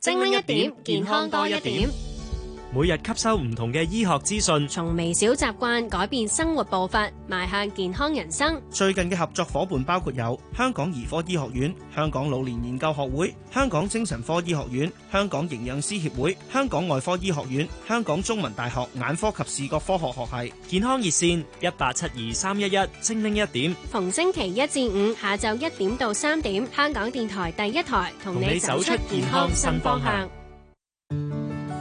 精明一點，健康多一點。每日吸收唔同嘅醫學資訊，從微小習慣改變生活步伐，邁向健康人生。最近嘅合作夥伴包括有香港兒科醫學院、香港老年研究學會、香港精神科醫學院、香港營養師協會、香港外科醫學院、香港中文大學眼科及視覺科學學系。健康熱線一八七二三一一，311，精靈一點。逢星期一至五下晝一點到三點，香港電台第一台同你走出健康新方向。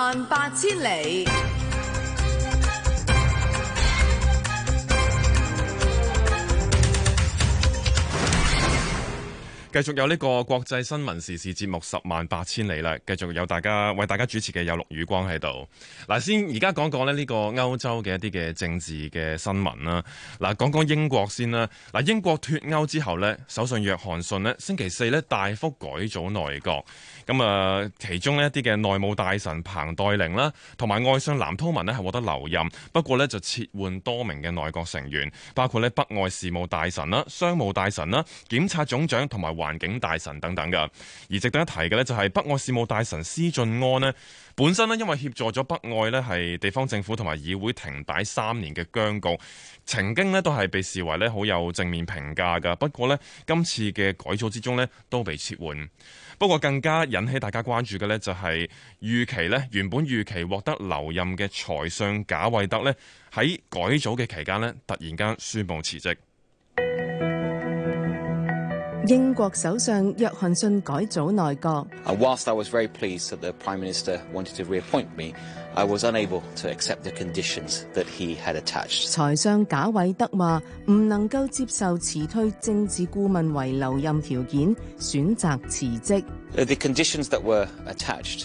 萬八千里。繼續有呢個國際新聞時事節目十萬八千里啦，繼續有大家為大家主持嘅有陸雨光喺度。嗱，先而家講講咧呢個歐洲嘅一啲嘅政治嘅新聞啦。嗱，講講英國先啦。嗱，英國脫歐之後呢，首相約翰遜呢星期四呢大幅改組內閣。咁啊，其中呢一啲嘅內務大臣彭黛玲啦，同埋外相藍韜文呢，係獲得留任。不過呢，就撤換多名嘅內閣成員，包括呢北外事務大臣啦、商務大臣啦、檢察總長同埋和環境大臣等等嘅，而值得一提嘅呢，就係北愛事務大臣施俊安呢本身呢，因為協助咗北愛呢，係地方政府同埋議會停擺三年嘅僵局，曾經呢，都係被視為呢好有正面評價嘅。不過呢，今次嘅改組之中呢，都被撤換。不過更加引起大家關注嘅呢，就係預期呢原本預期獲得留任嘅財相賈偉德呢，喺改組嘅期間呢，突然間宣布辭職。英國首相約翰遜改組內閣。Whilst I was very pleased that the Prime Minister wanted to reappoint me, I was unable to accept the conditions that he had attached. 財相賈偉德話：唔能夠接受辭退政治顧問為留任條件，選擇辭職。The conditions that were attached,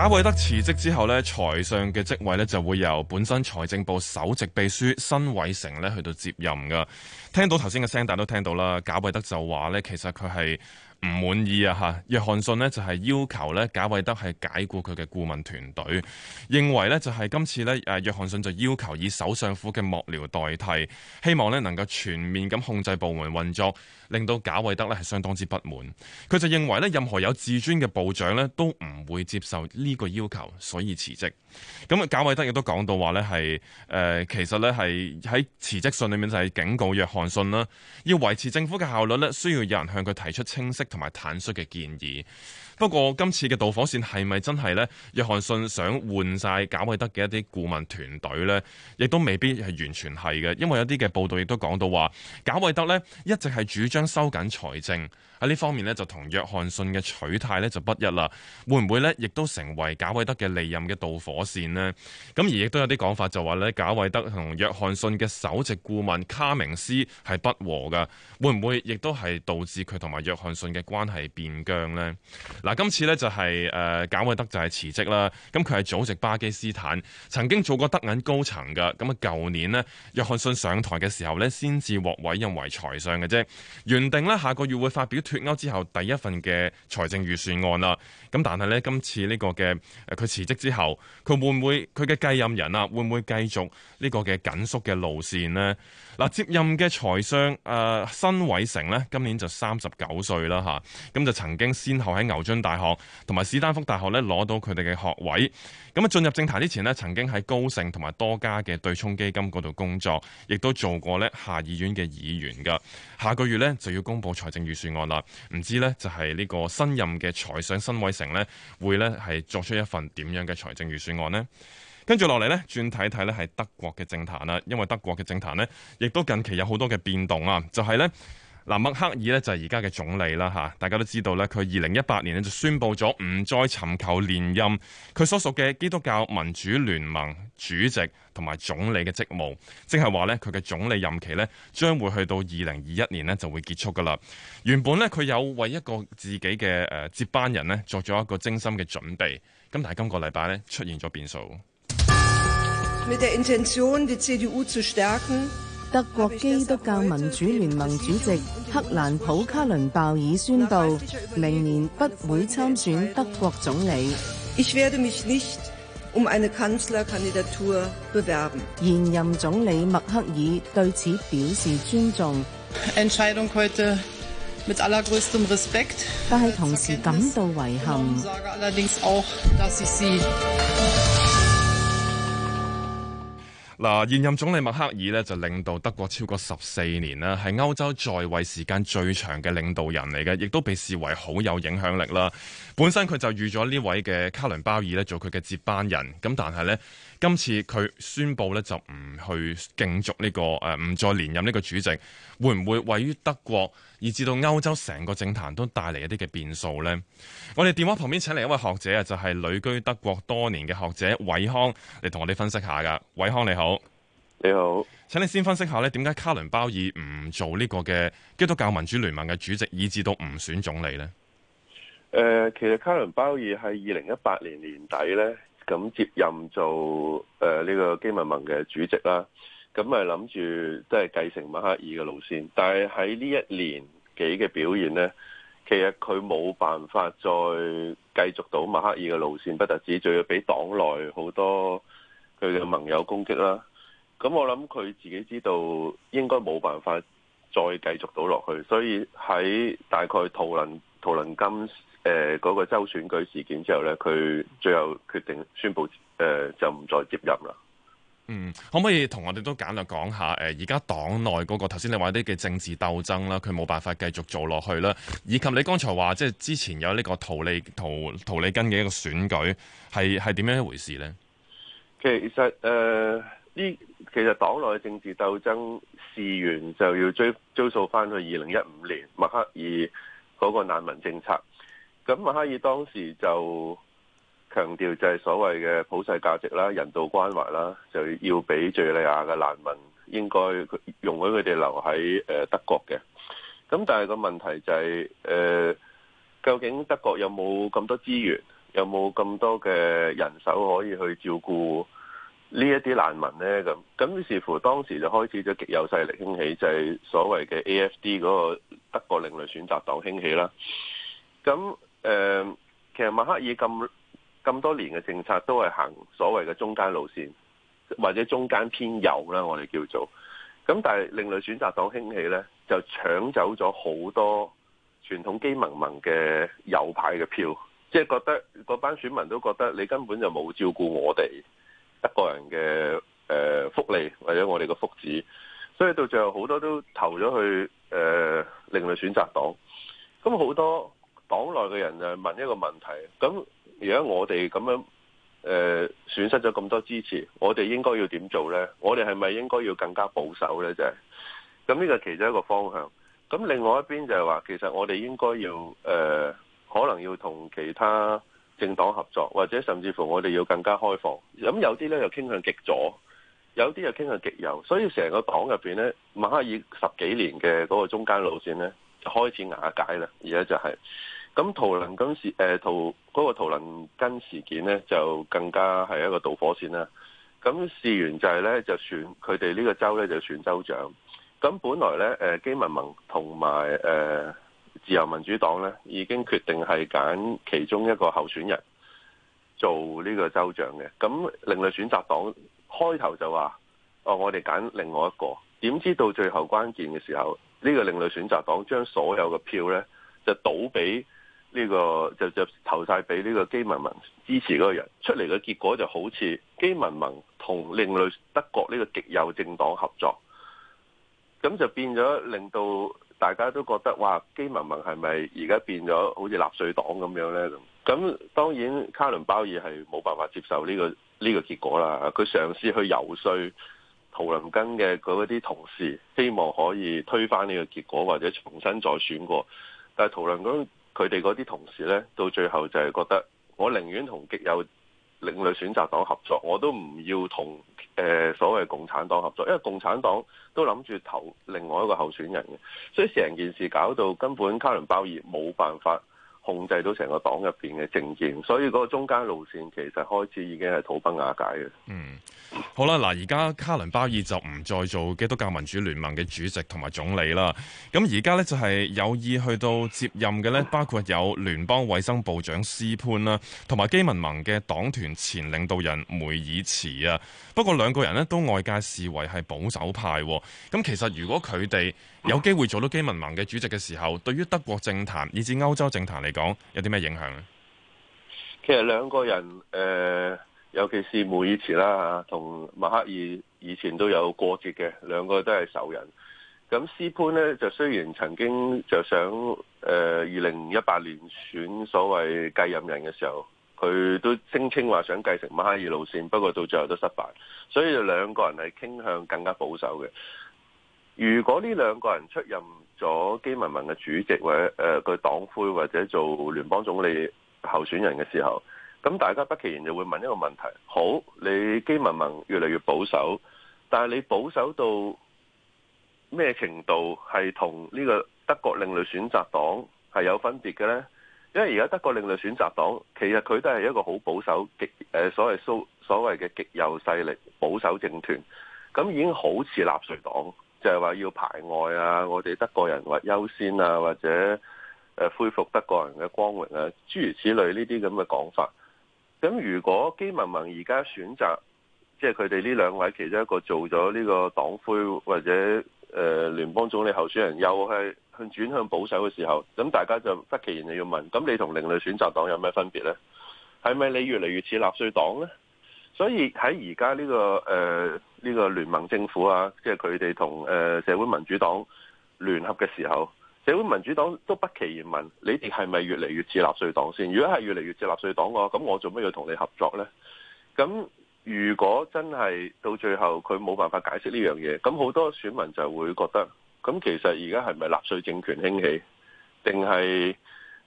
賈偉德辭職之後呢財上嘅職位呢就會由本身財政部首席秘書辛偉誠咧去到接任噶。聽到頭先嘅聲，大家都聽到啦。賈偉德就話呢其實佢係。唔滿意啊！吓約翰遜咧，就係要求咧，賈偉德係解雇佢嘅顧問團隊。認為咧就係今次咧，誒，約翰遜就要求以首相府嘅幕僚代替，希望咧能夠全面咁控制部門運作，令到賈偉德咧係相當之不滿。佢就認為咧，任何有自尊嘅部長咧都唔會接受呢個要求，所以辭職。咁啊，賈偉德亦都講到話咧係，誒，其實咧係喺辭職信裏面就係警告約翰遜啦，要維持政府嘅效率咧，需要有人向佢提出清晰同埋坦率嘅建議，不過今次嘅導火線係咪真係呢？約翰遜想換晒賈偉德嘅一啲顧問團隊呢，亦都未必係完全係嘅，因為有啲嘅報道亦都講到話，賈偉德呢，一直係主張收緊財政。喺呢方面呢，就同約翰遜嘅取態呢就不一啦。會唔會呢？亦都成為賈偉德嘅利任嘅導火線呢？咁而亦都有啲講法就話呢，賈偉德同約翰遜嘅首席顧問卡明斯係不和㗎。會唔會亦都係導致佢同埋約翰遜嘅關係變僵呢？嗱，今次呢、就是，就係呃，賈偉德就係辭職啦。咁佢係祖籍巴基斯坦，曾經做過德銀高層噶。咁啊，舊年呢，約翰遜上台嘅時候呢，先至獲委任為財相嘅啫。原定呢，下個月會發表。脫歐之後第一份嘅財政預算案啦，咁但係呢，今次呢個嘅佢、呃、辭職之後，佢會唔會佢嘅繼任人啊會唔會繼續呢個嘅緊縮嘅路線呢？嗱、啊，接任嘅財相誒、呃、辛偉誠呢，今年就三十九歲啦吓，咁就曾經先後喺牛津大學同埋史丹福大學呢，攞到佢哋嘅學位。咁啊，進入政壇之前呢，曾經喺高盛同埋多家嘅對沖基金嗰度工作，亦都做過呢下議院嘅議員噶。下個月呢，就要公布財政預算案啦。唔知呢就係呢個新任嘅財相辛偉誠呢，會呢，係作出一份點樣嘅財政預算案呢？跟住落嚟呢，轉睇睇呢，係德國嘅政壇啦。因為德國嘅政壇呢，亦都近期有好多嘅變動啊，就係呢。嗱，默克爾咧就係而家嘅總理啦吓，大家都知道咧，佢二零一八年咧就宣布咗唔再尋求連任，佢所屬嘅基督教民主聯盟主席同埋總理嘅職務，即係話咧佢嘅總理任期咧將會去到二零二一年咧就會結束㗎喇。原本咧佢有為一個自己嘅誒接班人咧作咗一個精心嘅準備，咁但係今個禮拜咧出現咗變數。德國基督教民主聯盟主席克蘭普-卡倫鮑爾宣布，明年不會參選德國總理。現任總理默克爾對此表示尊重，但係同時感到遺憾。嗱，現任總理默克爾咧就領導德國超過十四年啦，係歐洲在位時間最長嘅領導人嚟嘅，亦都被視為好有影響力啦。本身佢就預咗呢位嘅卡倫鮑爾咧做佢嘅接班人，咁但係咧，今次佢宣布咧就唔去競逐呢、這個誒唔再連任呢個主席，會唔會位於德國，以至到歐洲成個政壇都帶嚟一啲嘅變數咧？我哋電話旁邊請嚟一位學者啊，就係、是、旅居德國多年嘅學者瑋康嚟同我哋分析下噶，瑋康你好。你好，請你先分析下咧，點解卡倫鮑爾唔做呢個嘅基督教民主聯盟嘅主席，以至到唔選總理咧？誒、呃，其實卡倫鮑爾喺二零一八年年底咧，咁接任做誒呢、呃這個基民盟嘅主席啦。咁啊諗住即係繼承默克爾嘅路線，但係喺呢一年幾嘅表現咧，其實佢冇辦法再繼續到默克爾嘅路線，不特止，仲要俾黨內好多佢嘅盟友攻擊啦。咁我諗佢自己知道應該冇辦法再繼續到落去，所以喺大概圖林圖林根誒嗰、呃那個州選舉事件之後咧，佢最後決定宣布誒、呃、就唔再接任啦。嗯，可唔可以同我哋都簡略講下誒？而、呃、家黨內嗰、那個頭先你話啲嘅政治鬥爭啦，佢冇辦法繼續做落去啦，以及你剛才話即係之前有呢個圖利圖圖利根嘅一個選舉係係點樣一回事咧？其實誒。呃其實黨內政治鬥爭事緣就要追追溯翻去二零一五年默克爾嗰個難民政策，咁默克爾當時就強調就係所謂嘅普世價值啦、人道關懷啦，就要俾敍利亞嘅難民應該容許佢哋留喺誒德國嘅。咁但係個問題就係，是呃，究竟德國有冇咁多資源，有冇咁多嘅人手可以去照顧？呢一啲難民呢，咁咁於是乎當時就開始咗極右勢力興起，就係所謂嘅 AFD 嗰個德國另類選擇黨興起啦。咁、呃、其實默克爾咁咁多年嘅政策都係行所謂嘅中間路線，或者中間偏右啦，我哋叫做。咁但係另類選擇黨興起呢，就搶走咗好多傳統基民盟嘅右派嘅票，即係覺得嗰班選民都覺得你根本就冇照顧我哋。一個人嘅誒福利或者我哋嘅福祉，所以到最後好多都投咗去誒、呃、另類選擇黨。咁好多黨內嘅人就問一個問題：咁如果我哋咁樣誒、呃、損失咗咁多支持，我哋應該要點做咧？我哋係咪應該要更加保守咧？啫、就係，咁呢個其中一個方向。咁另外一邊就係話，其實我哋應該要誒、呃，可能要同其他政黨合作，或者甚至乎我哋要更加開放。咁有啲咧又傾向極左，有啲又傾向極右。所以成個黨入面咧，默克爾十幾年嘅嗰個中間路線咧，開始瓦解啦。而家就係、是、咁，圖林根事嗰個圖林根事件咧，就更加係一個導火線啦。咁事緣就係咧，就選佢哋呢個州咧，就選州長。咁本來咧，基民盟同埋誒。呃自由民主黨咧，已經決定係揀其中一個候選人做呢個州長嘅。咁另類選擇黨開頭就話，哦，我哋揀另外一個。點知道最後關鍵嘅時候，呢、這個另類選擇黨將所有嘅票咧，就倒俾呢、這個就就投晒俾呢個基民盟支持嗰個人。出嚟嘅結果就好似基民盟同另類德國呢個極右政黨合作，咁就變咗令到。大家都覺得哇，基民盟係咪而家變咗好似納粹黨咁樣呢？咁當然卡倫鮑爾係冇辦法接受呢個呢個結果啦。佢嘗試去游說圖林根嘅嗰啲同事，希望可以推翻呢個結果或者重新再選過。但係圖林根佢哋嗰啲同事呢，到最後就係覺得我寧願同極右另類選擇黨合作，我都唔要同誒、呃、所謂共產黨合作，因為共產黨都諗住投另外一個候選人嘅，所以成件事搞到根本卡倫鮑爾冇辦法。控制到成個黨入邊嘅政見，所以嗰個中間路線其實開始已經係土崩瓦解嘅。嗯，好啦，嗱，而家卡倫鮑爾就唔再做基督教民主聯盟嘅主席同埋總理啦。咁而家呢，就係有意去到接任嘅呢，包括有聯邦衞生部長斯潘啦，同埋基民盟嘅黨團前領導人梅爾茨啊。不過兩個人呢都外界視為係保守派。咁其實如果佢哋有機會做到基民盟嘅主席嘅時候，對於德國政壇以至歐洲政壇嚟講，有啲咩影響咧？其實兩個人，誒、呃，尤其是梅爾以前啦同默克爾以前都有過節嘅，兩個都係仇人。咁斯潘呢，就雖然曾經就想誒二零一八年選所謂繼任人嘅時候，佢都聲稱話想繼承默克爾路線，不過到最後都失敗，所以兩個人係傾向更加保守嘅。如果呢兩個人出任咗基民盟嘅主席或者誒佢黨魁或者做聯邦總理候選人嘅時候，咁大家不其然就會問一個問題，好，你基民盟越嚟越保守，但係你保守到咩程度係同呢個德國另類選擇黨係有分別嘅呢？因為而家德國另類選擇黨其實佢都係一個好保守極誒所謂蘇所謂嘅極右勢力保守政團，咁已經好似納粹黨。就係、是、話要排外啊！我哋德國人或優先啊，或者恢復德國人嘅光榮啊，諸如此類呢啲咁嘅講法。咁如果基民盟而家選擇，即係佢哋呢兩位其中一個做咗呢個黨魁或者誒、呃、聯邦總理候選人，又係向轉向保守嘅時候，咁大家就不其然就要問：「咁你同另類選擇黨有咩分別呢？係咪你越嚟越似納粹黨呢？」所以喺而家呢個誒。呃呢個聯盟政府啊，即係佢哋同誒社會民主黨聯合嘅時候，社會民主黨都不期然問：你哋係咪越嚟越似納粹黨先？如果係越嚟越似納粹黨嘅話，咁我做咩要同你合作呢？咁如果真係到最後佢冇辦法解釋呢樣嘢，咁好多選民就會覺得：咁其實而家係咪納粹政權興起，定係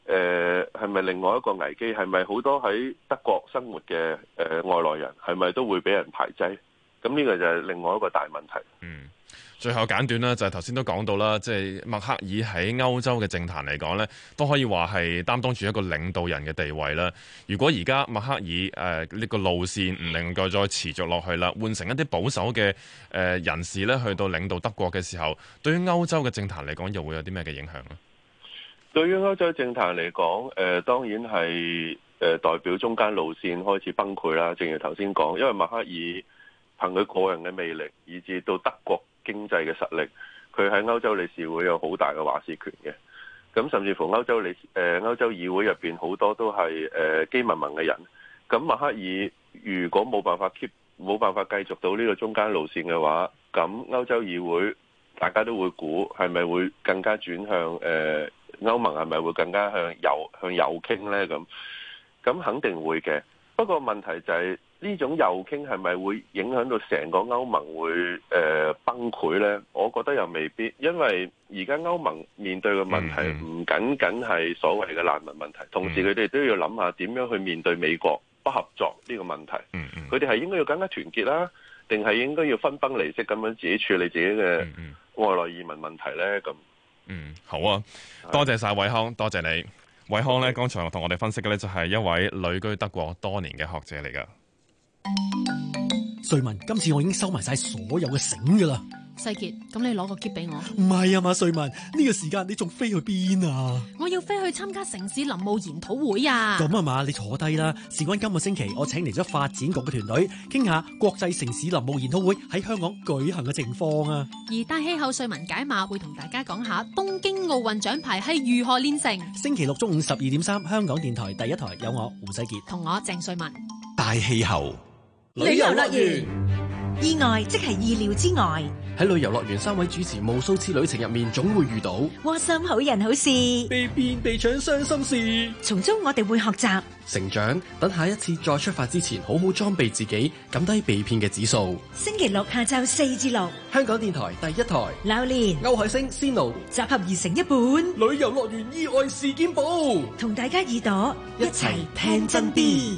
誒係咪另外一個危機？係咪好多喺德國生活嘅誒外來人，係咪都會俾人排擠？咁、這、呢個就係另外一個大問題。嗯，最後簡短啦，就係頭先都講到啦，即、就、係、是、默克爾喺歐洲嘅政壇嚟講呢，都可以話係擔當住一個領導人嘅地位啦。如果而家默克爾誒呢、呃這個路線唔能夠再持續落去啦，換成一啲保守嘅誒人士呢，去到領導德國嘅時候，對於歐洲嘅政壇嚟講又會有啲咩嘅影響呢？對於歐洲政壇嚟講，誒、呃，當然係代表中間路線開始崩潰啦。正如頭先講，因為默克爾。憑佢個人嘅魅力，以至到德國經濟嘅實力，佢喺歐洲理事會有好大嘅話事權嘅。咁甚至乎歐洲理誒歐洲議會入邊好多都係誒基民盟嘅人。咁默克爾如果冇辦法 keep 冇辦法繼續到呢個中間路線嘅話，咁歐洲議會大家都會估係咪會更加轉向誒歐盟係咪會更加向右向右傾呢？咁咁肯定會嘅。不過問題就係、是。呢種右傾係咪會影響到成個歐盟會、呃、崩潰呢？我覺得又未必，因為而家歐盟面對嘅問題唔僅僅係所謂嘅難民問題，嗯、同時佢哋都要諗下點樣去面對美國不合作呢個問題。佢哋係應該要更加團結啦，定係應該要分崩離析咁樣自己處理自己嘅外來移民問題呢？咁嗯，好啊，嗯、多謝晒瑋康，多謝你，瑋康呢，剛才同我哋分析嘅呢，就係一位旅居德國多年嘅學者嚟㗎。瑞文，今次我已經收埋晒所有嘅繩噶啦。世杰，咁你攞個結俾我。唔係啊嘛，瑞文，呢個時間你仲飛去邊啊？我要飛去參加城市林務研討會啊。咁啊嘛，你坐低啦。事關今個星期，我請嚟咗發展局嘅團隊，傾下國際城市林務研討會喺香港舉行嘅情況啊。而大氣候，瑞文解碼會同大家講下東京奧運獎牌係如何煉成。星期六中午十二點三，香港電台第一台有我胡世杰同我鄭瑞文大氣候。旅遊樂園意外即係、就是、意料之外。喺旅遊樂園三位主持無數次旅程入面，總會遇到窩心好人好事，被騙被搶傷心事，從中我哋會學習成長。等下一次再出發之前，好好裝備自己，撳低被騙嘅指數。星期六下晝四至六，香港電台第一台，榴蓮、歐海星、仙露集合而成一本《旅遊樂園意外事件簿》，同大家耳朵一齊聽真啲。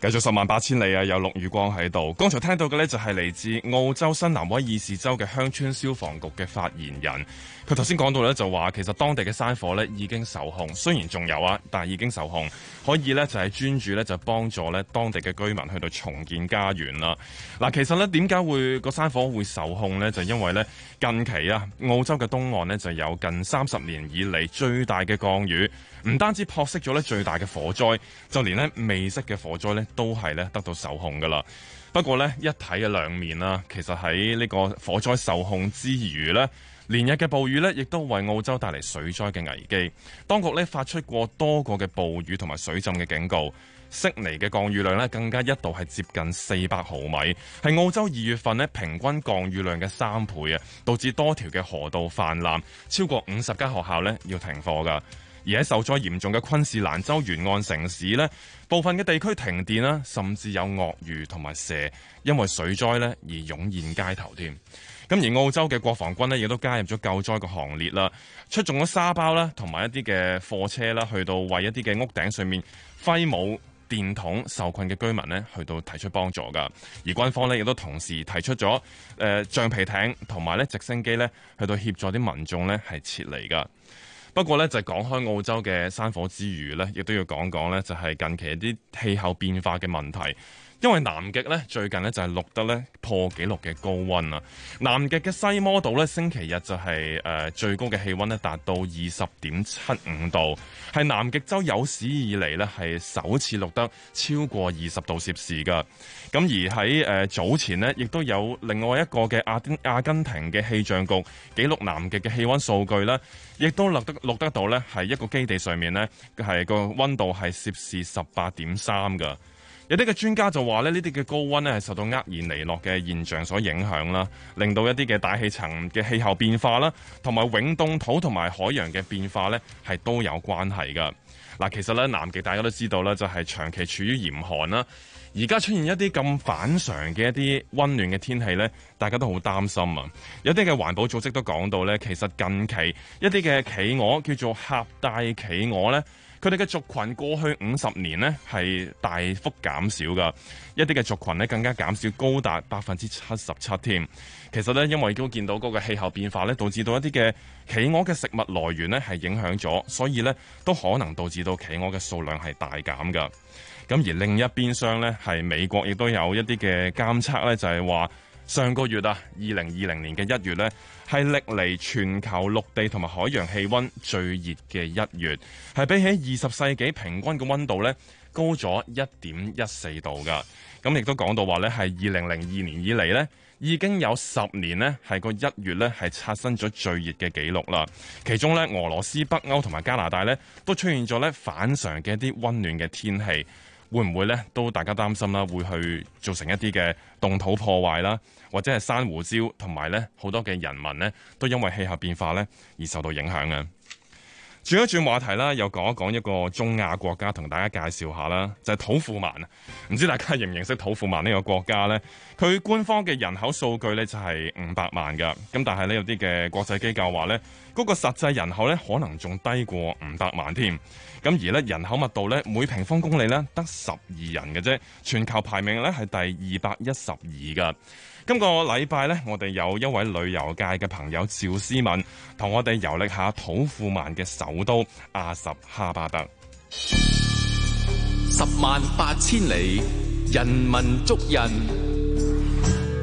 繼續十萬八千里啊！有陸宇光喺度。剛才聽到嘅呢，就係、是、嚟自澳洲新南威爾士州嘅鄉村消防局嘅發言人。佢頭先講到呢，就話，其實當地嘅山火呢已經受控，雖然仲有啊，但係已經受控，可以呢，就係、是、專注呢，就幫助呢當地嘅居民去到重建家園啦。嗱、啊，其實呢點解會、這個山火會受控呢？就因為呢近期啊澳洲嘅東岸呢就有近三十年以嚟最大嘅降雨，唔單止撲熄咗呢最大嘅火災，就連呢未熄嘅火災呢。都係咧得到受控噶啦。不過呢，一體嘅兩面啦，其實喺呢個火災受控之餘咧，連日嘅暴雨呢亦都為澳洲帶嚟水災嘅危機。當局呢發出過多個嘅暴雨同埋水浸嘅警告。悉尼嘅降雨量呢更加一度係接近四百毫米，係澳洲二月份呢，平均降雨量嘅三倍啊！導致多條嘅河道泛濫，超過五十間學校呢要停課噶。而喺受災嚴重嘅昆士蘭州沿岸城市咧，部分嘅地區停電啦，甚至有鱷魚同埋蛇因為水災咧而湧現街頭添。咁而澳洲嘅國防軍咧亦都加入咗救災嘅行列啦，出動咗沙包啦，同埋一啲嘅貨車啦，去到為一啲嘅屋頂上面揮舞電筒受困嘅居民咧，去到提出幫助噶。而軍方咧亦都同時提出咗誒、呃、橡皮艇同埋咧直升機咧，去到協助啲民眾咧係撤離噶。不過咧，就係講開澳洲嘅山火之餘咧，亦都要講講咧，就係近期一啲氣候變化嘅問題。因為南極咧最近呢就係錄得咧破紀錄嘅高温啊！南極嘅西摩島咧星期日就係最高嘅氣温呢達到二十點七五度，係南極洲有史以嚟呢係首次錄得超過二十度攝氏嘅。咁而喺早前呢，亦都有另外一個嘅阿根廷嘅氣象局記錄南極嘅氣温數據呢亦都錄得錄得到呢係一個基地上面呢係個温度係攝氏十八點三嘅有啲嘅專家就話，呢啲嘅高温呢係受到厄爾尼諾嘅現象所影響啦，令到一啲嘅大氣層嘅氣候變化啦，同埋永凍土同埋海洋嘅變化呢係都有關係㗎。嗱，其實呢，南極大家都知道啦，就係長期處於嚴寒啦，而家出現一啲咁反常嘅一啲温暖嘅天氣呢，大家都好擔心啊。有啲嘅環保組織都講到呢，其實近期一啲嘅企鵝叫做頰帶企鵝呢。佢哋嘅族群過去五十年呢係大幅減少噶，一啲嘅族群呢更加減少，高達百分之七十七添。其實呢，因為都見到嗰個氣候變化呢導致到一啲嘅企鵝嘅食物來源呢係影響咗，所以呢都可能導致到企鵝嘅數量係大減噶。咁而另一邊廂呢，係美國亦都有一啲嘅監測呢就係話。上個月啊，二零二零年嘅一月呢，係歷嚟全球陸地同埋海洋氣溫最熱嘅一月，係比起二十世紀平均嘅溫度呢，高咗一點一四度噶。咁亦都講到話呢係二零零二年以嚟呢，已經有十年呢，係個一月呢，係刷新咗最熱嘅紀錄啦。其中呢，俄羅斯、北歐同埋加拿大呢，都出現咗呢反常嘅一啲溫暖嘅天氣。會唔會咧，都大家擔心啦？會去造成一啲嘅凍土破壞啦，或者係珊瑚礁，同埋咧好多嘅人民呢，都因為氣候變化咧而受到影響嘅。轉一轉話題啦，又講一講一個中亞國家，同大家介紹下啦，就係、是、土庫曼啊。唔知大家認唔認識土庫曼呢個國家呢？佢官方嘅人口數據咧就係五百萬噶，咁但係呢，有啲嘅國際機構話呢，嗰、那個實際人口呢可能仲低過五百萬添。咁而咧人口密度咧每平方公里咧得十二人嘅啫，全球排名咧係第二百一十二噶。今個禮拜咧，我哋有一位旅遊界嘅朋友趙思敏，同我哋遊歷下土庫曼嘅首都阿什哈巴德。十萬八千里，人文足印，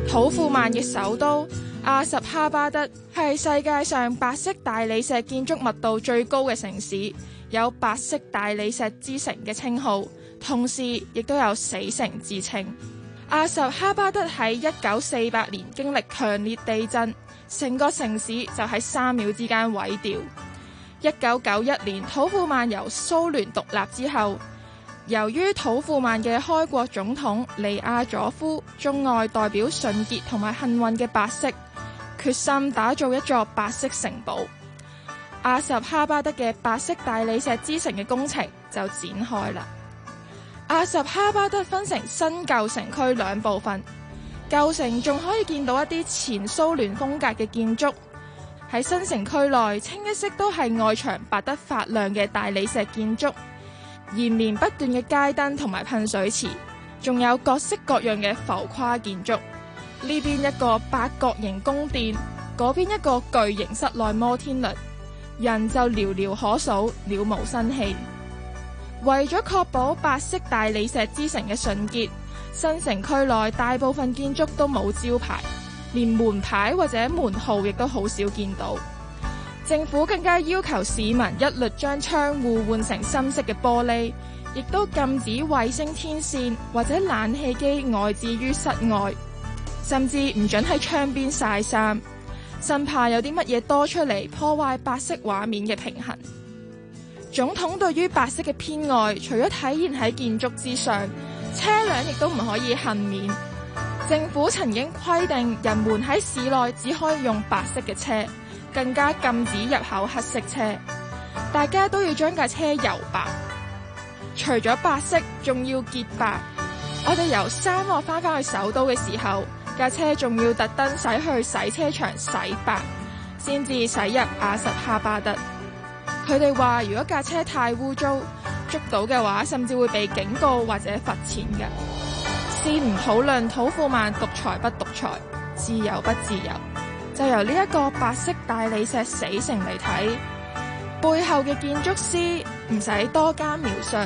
土庫曼嘅首都阿什哈巴德係世界上白色大理石建築密度最高嘅城市。有白色大理石之城嘅稱號，同時亦都有死城之稱。阿什哈巴德喺一九四八年經歷強烈地震，成個城市就喺三秒之間毀掉。一九九一年，土庫曼由蘇聯獨立之後，由於土庫曼嘅開國總統尼亞佐夫鍾愛代表純潔同埋幸運嘅白色，決心打造一座白色城堡。阿什哈巴德嘅白色大理石之城嘅工程就展開啦。阿什哈巴德分成新舊城區兩部分，舊城仲可以見到一啲前蘇聯風格嘅建築。喺新城區內，清一色都係外牆白得發亮嘅大理石建築，延綿不斷嘅街燈同埋噴水池，仲有各式各樣嘅浮誇建築。呢邊一個八角形宮殿，嗰邊一個巨型室內摩天輪。人就寥寥可數，了無生氣。為咗確保白色大理石之城嘅純潔，新城區內大部分建築都冇招牌，連門牌或者門號亦都好少見到。政府更加要求市民一律將窗戶換成深色嘅玻璃，亦都禁止衛星天線或者冷氣機外置於室外，甚至唔准喺窗邊曬衫。生怕有啲乜嘢多出嚟破壞白色畫面嘅平衡。總統對於白色嘅偏愛，除咗體現喺建築之上，車輛亦都唔可以幸免。政府曾經規定，人們喺市內只可以用白色嘅車，更加禁止入口黑色車。大家都要將架車油白。除咗白色，仲要潔白。我哋由沙漠翻返去首都嘅時候。架車仲要特登駛去洗車場洗白，先至駛入阿什哈巴德。佢哋話，如果架車太污糟，捉到嘅話，甚至會被警告或者罰錢嘅。先唔討論土庫曼獨裁不獨裁，自由不自由，就由呢一個白色大理石死城嚟睇，背後嘅建築師唔使多加描述。